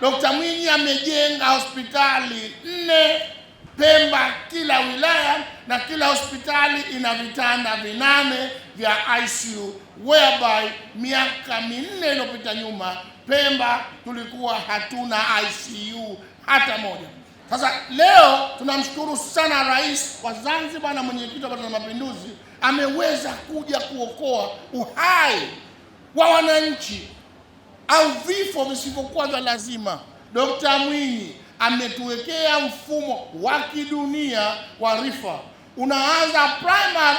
Dkt. Mwinyi amejenga hospitali nne Pemba kila wilaya, na kila hospitali ina vitanda vinane vya ICU, whereby miaka minne iliyopita nyuma Pemba tulikuwa hatuna ICU hata moja. Sasa leo tunamshukuru sana Rais wa Zanzibar na mwenyekiti wa Baraza la Mapinduzi ameweza kuja kuokoa uhai wa wananchi au vifo visivyokuwa vya lazima. Dkt. Mwinyi ametuwekea mfumo wa kidunia wa rifa. Unaanza primary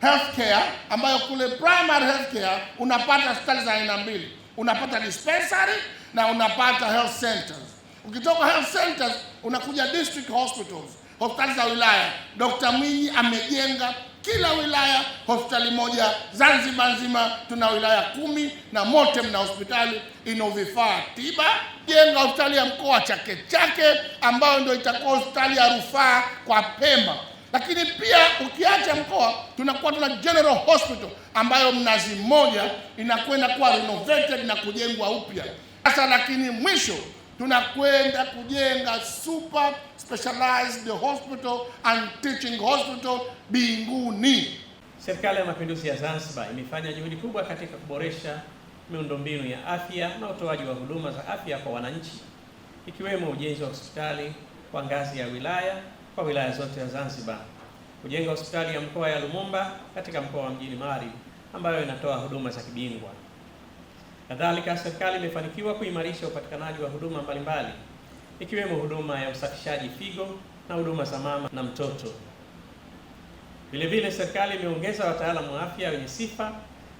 healthcare, ambayo kule primary healthcare unapata hospitali za aina mbili, unapata dispensary na unapata health centers. Ukitoka health centers unakuja district hospitals, hospitali za wilaya. Dkt. Mwinyi amejenga kila wilaya hospitali moja. Zanzibar nzima tuna wilaya kumi na mote mna hospitali ina vifaa tiba. Jenga hospitali ya mkoa Chake Chake ambayo ndio itakuwa hospitali ya rufaa kwa Pemba. Lakini pia ukiacha mkoa, tunakuwa tuna general hospital ambayo Mnazi Mmoja inakwenda kuwa renovated na kujengwa upya sasa. Lakini mwisho tunakwenda kujenga super specialized hospital and teaching hospital Binguni. Serikali ya Mapinduzi ya Zanzibar imefanya juhudi kubwa katika kuboresha miundombinu ya afya na utoaji wa huduma za afya kwa wananchi, ikiwemo ujenzi wa hospitali kwa ngazi ya wilaya kwa wilaya zote ya Zanzibar, kujenga hospitali ya mkoa ya Lumumba katika mkoa wa Mjini Magharibi ambayo inatoa huduma za kibingwa. Kadhalika, serikali imefanikiwa kuimarisha upatikanaji wa huduma mbalimbali ikiwemo huduma ya usafishaji figo na huduma za mama na mtoto. Vile vile, serikali imeongeza wataalamu wa afya wenye sifa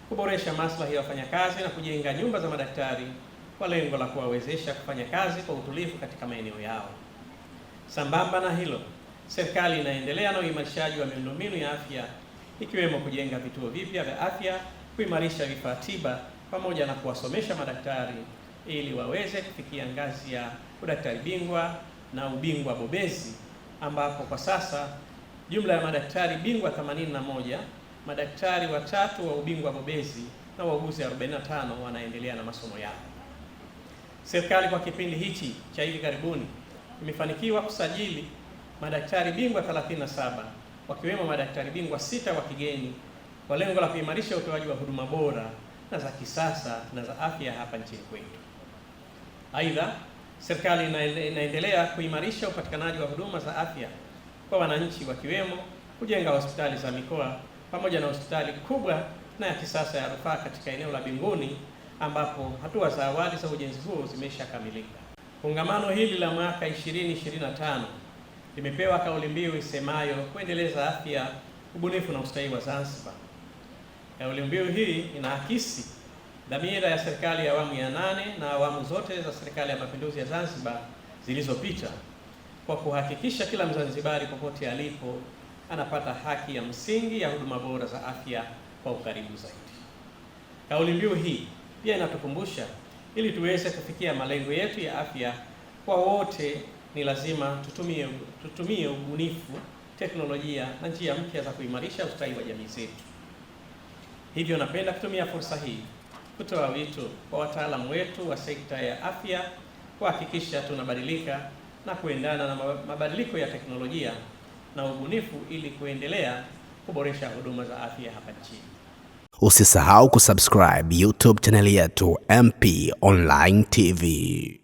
kuboresha maslahi ya wafanyakazi na kujenga nyumba za madaktari kwa lengo la kuwawezesha kufanya kazi kwa utulivu katika maeneo yao. Sambamba na hilo, serikali inaendelea na uimarishaji wa miundombinu ya afya ikiwemo kujenga vituo vipya vya afya, kuimarisha vifaa tiba pamoja na kuwasomesha madaktari ili waweze kufikia ngazi ya udaktari bingwa na ubingwa bobezi, ambapo kwa sasa jumla ya madaktari bingwa 81, madaktari watatu wa ubingwa bobezi na wauguzi 45 wanaendelea na masomo yao. Serikali kwa kipindi hichi cha hivi karibuni imefanikiwa kusajili madaktari bingwa 37 wakiwemo madaktari bingwa sita wa kigeni kwa lengo la kuimarisha utoaji wa huduma bora na za kisasa na za afya hapa nchini kwetu. Aidha, serikali inaendelea kuimarisha upatikanaji wa huduma za afya kwa wananchi, wakiwemo kujenga hospitali za mikoa pamoja na hospitali kubwa na ya kisasa ya rufaa katika eneo la Binguni ambapo hatua za awali za ujenzi huo zimeshakamilika. Kongamano hili la mwaka 2025 limepewa kauli mbiu isemayo kuendeleza afya, ubunifu na ustawi wa Zanzibar kauli mbiu hii inaakisi dhamira ya serikali ya awamu ya nane na awamu zote za serikali ya mapinduzi ya Zanzibar zilizopita kwa kuhakikisha kila Mzanzibari popote alipo anapata haki ya msingi ya huduma bora za afya kwa ukaribu zaidi. kauli mbiu hii pia inatukumbusha ili tuweze kufikia malengo yetu ya afya kwa wote ni lazima tutumie, tutumie ubunifu, teknolojia na njia mpya za kuimarisha ustawi wa jamii zetu. Hivyo napenda kutumia fursa hii kutoa wito kwa wataalamu wetu wa sekta ya afya kuhakikisha tunabadilika na kuendana na mabadiliko ya teknolojia na ubunifu ili kuendelea kuboresha huduma za afya hapa nchini. Usisahau kusubscribe YouTube chaneli yetu MP Online TV.